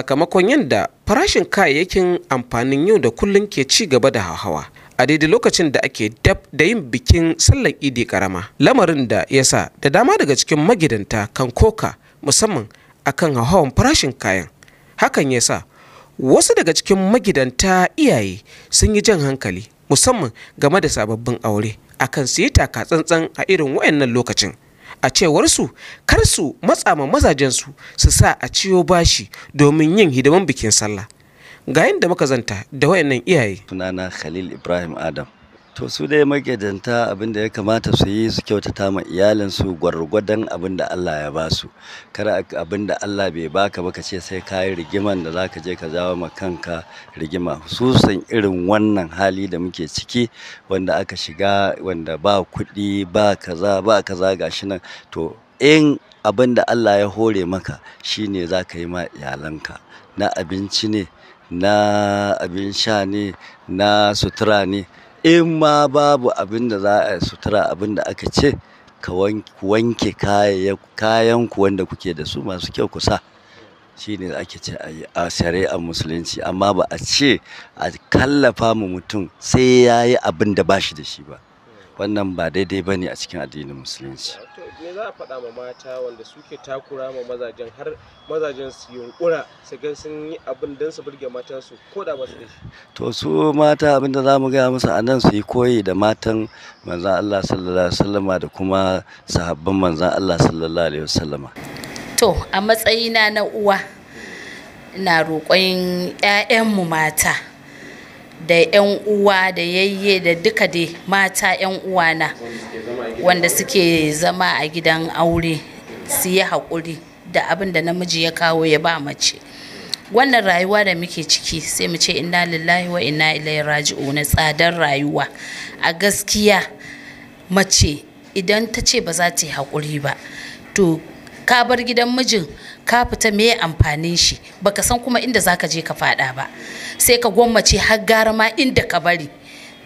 sakamakon yadda farashin kayayyakin amfanin yau da kullum ke ci gaba da hawa a daidai lokacin da ake dab da yin bikin sallar idi karama lamarin da ya sa da dama daga cikin magidanta kan koka musamman akan hauhawan farashin kayan hakan ya sa wasu daga cikin magidanta iyaye sun yi jan hankali musamman game da sababbin aure akan su yi taka tsantsan a irin wayannan lokacin a cewarsu kar su matsa ma mazajensu su sa a ciyo bashi domin yin hidiman bikin sallah ga yadda muka zanta da wayannan iyaye sunana khalil ibrahim adam to su dai magidanta abin da ya kamata su yi su kyautata ma iyalinsu gwargwadon abin da Allah ya ba su kar abin da Allah bai baka ba ka ce sai ka yi rigiman da zaka je ka jawo ma kanka rigima hususan irin wannan hali da muke ciki wanda aka shiga wanda ba kuɗi ba kaza ba kaza gashi nan to in abin da Allah ya hore maka shine zaka yi ma iyalanka na abinci ne na abin sha ne na sutura ne in ma babu abin da za a sutura abin da aka ce ka wanke kayanku ku wanda kuke da su masu kyau ku sa shine ake ce a shari'ar musulunci amma ba a ce a kallafa mu mutum sai ya yi abin da ba shi da shi ba wannan ba daidai ba ne a cikin addinin musulunci za a faɗa ma mata wanda suke takura ma mazajen har mazajen su yunkura su ga sun yi abin don su burge matan su ko da ba su da shi to su mata abin da zamu gaya musu a nan su yi koyi da matan manzon Allah sallallahu alaihi wasallama da kuma sahabban manzon Allah sallallahu alaihi wasallama to a matsayina na uwa na roƙon 'ya'yanmu mata da 'yan uwa da yayye da duka dai mata 'yan uwana wanda suke zama a gidan aure su yi haƙuri da abin da namiji ya kawo ya ba mace wannan rayuwa da muke ciki sai mu ce inna lillahi wa inna ilaihi raji'u na tsadar rayuwa a gaskiya mace idan ta ce ba za ta yi haƙuri ba to ka bar gidan mijin ka fita me amfanin shi baka san kuma inda zaka je ka fada ba sai ka gwammace har gara ma inda ka bari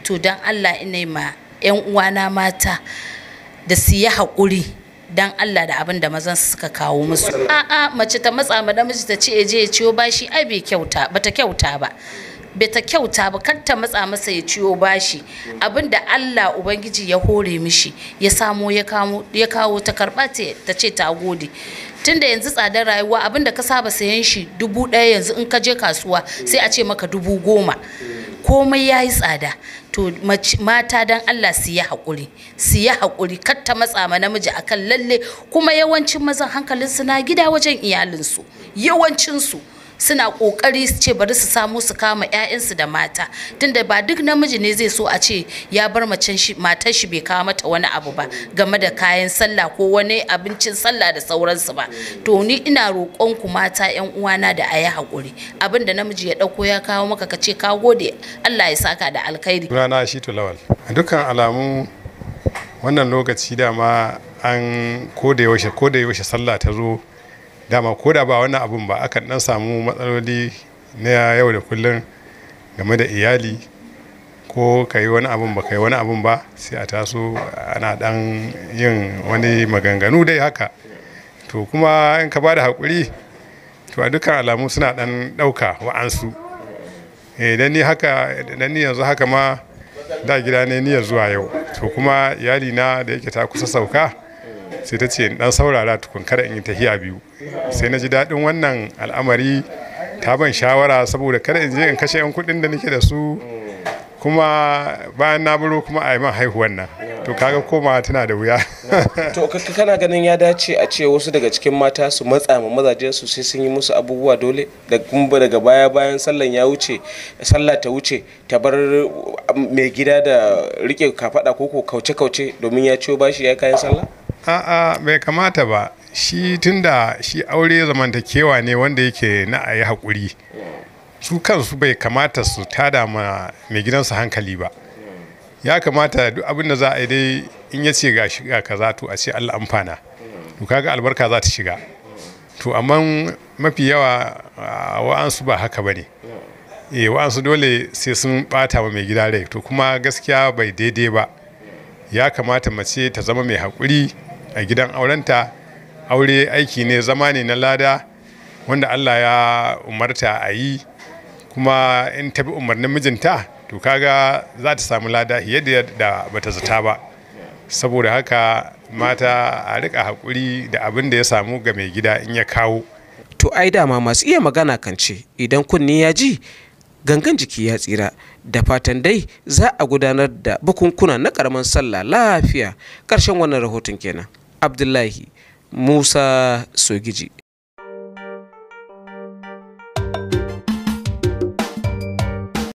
to dan Allah ina ma yan uwana mata da su yi haƙuri dan Allah da abin da mazan suka kawo musu a'a mace ta matsa ma namiji ta ce je ya ciyo bashi ai bai kyauta bata kyauta ba bata kyauta ba kar ta matsa masa ya ciwo bashi abinda Allah ubangiji ya hore mishi ya samo ya kawo ta karba ta ce ta gode tunda yanzu tsadar rayuwa abinda ka saba sayan shi dubu ɗaya yanzu in ka je kasuwa sai a ce maka dubu goma komai ya yi tsada to mata dan Allah su yi haƙuri su yi haƙuri kar matsa ma namiji akan lalle kuma yawancin mazan hankalinsu na gida wajen iyalinsu yawancinsu suna kokari su ce bari su samu su kama ƴaƴansu da mata tunda ba duk namiji ne zai so a ce ya bar macen shi matar shi bai kawo mata wani abu ba game da kayan sallah ko wani abincin sallah da sauransu ba to ni ina roƙon ku mata ƴan uwana da ayi hakuri abinda namiji ya ɗauko ya kawo maka ka ce ka gode Allah ya saka da alkhairi rana shi lawal dukkan alamu wannan lokaci dama an koda yaushe sallah ta zo dama ko da ba wani abun ba akan dan samu matsaloli na yau da kullum game da iyali ko ka yi wani abun ba ka yi wani abun ba sai a taso ana dan yin wani maganganu dai haka to kuma in ka ba da haƙuri to a dukkan alamu suna dan ɗauka wa'ansu idan eh, ni haka idan ni yanzu haka ma da gida ne niyyar zuwa yau to kuma iyali na da yake ta kusa sauka sai ta ce dan saurara tukun kada in yi tahiya biyu sai na ji daɗin wannan al'amari ta ban shawara saboda kada in je in kashe yan kuɗin da nake da su kuma bayan na buro kuma a yi man haihuwan nan to kaga koma tana da wuya to kana ganin ya dace a ce wasu daga cikin mata su matsa ma mazajen su sai sun yi musu abubuwa dole da daga baya bayan sallan ya wuce sallah ta wuce ta bar mai gida da rike kafada ko kauce kauce domin ya ciwo bashi ya kayan sallah a'a bai kamata ba shi tunda shi aure zamantakewa ne wanda yake na a yi haƙuri su kansu bai kamata su tada ma mai gidansu hankali ba ya kamata duk abin da za a yi dai in ya ce ga shiga kaza to a ce Allah amfana to kaga albarka za ta shiga to amma mafi yawa wa'ansu ba haka ba ne eh wa'ansu dole sai sun bata wa mai gida rai to kuma gaskiya bai daidai ba ya kamata mace ta zama mai haƙuri a gidan aurenta aure aiki ne zama ne na lada wanda Allah ya umarta a yi kuma in tafi umarnin mijinta to kaga za ta samu lada fiye da bata zata ba saboda haka mata a rika haƙuri da abin da ya samu ga mai gida in ya kawo to ai dama masu iya magana kan ce idan kunni ya ji gangan jiki ya tsira da fatan dai za a gudanar da bukunkuna na karamin sallah lafiya karshen wannan rahoton kenan abdullahi Musa Sogiji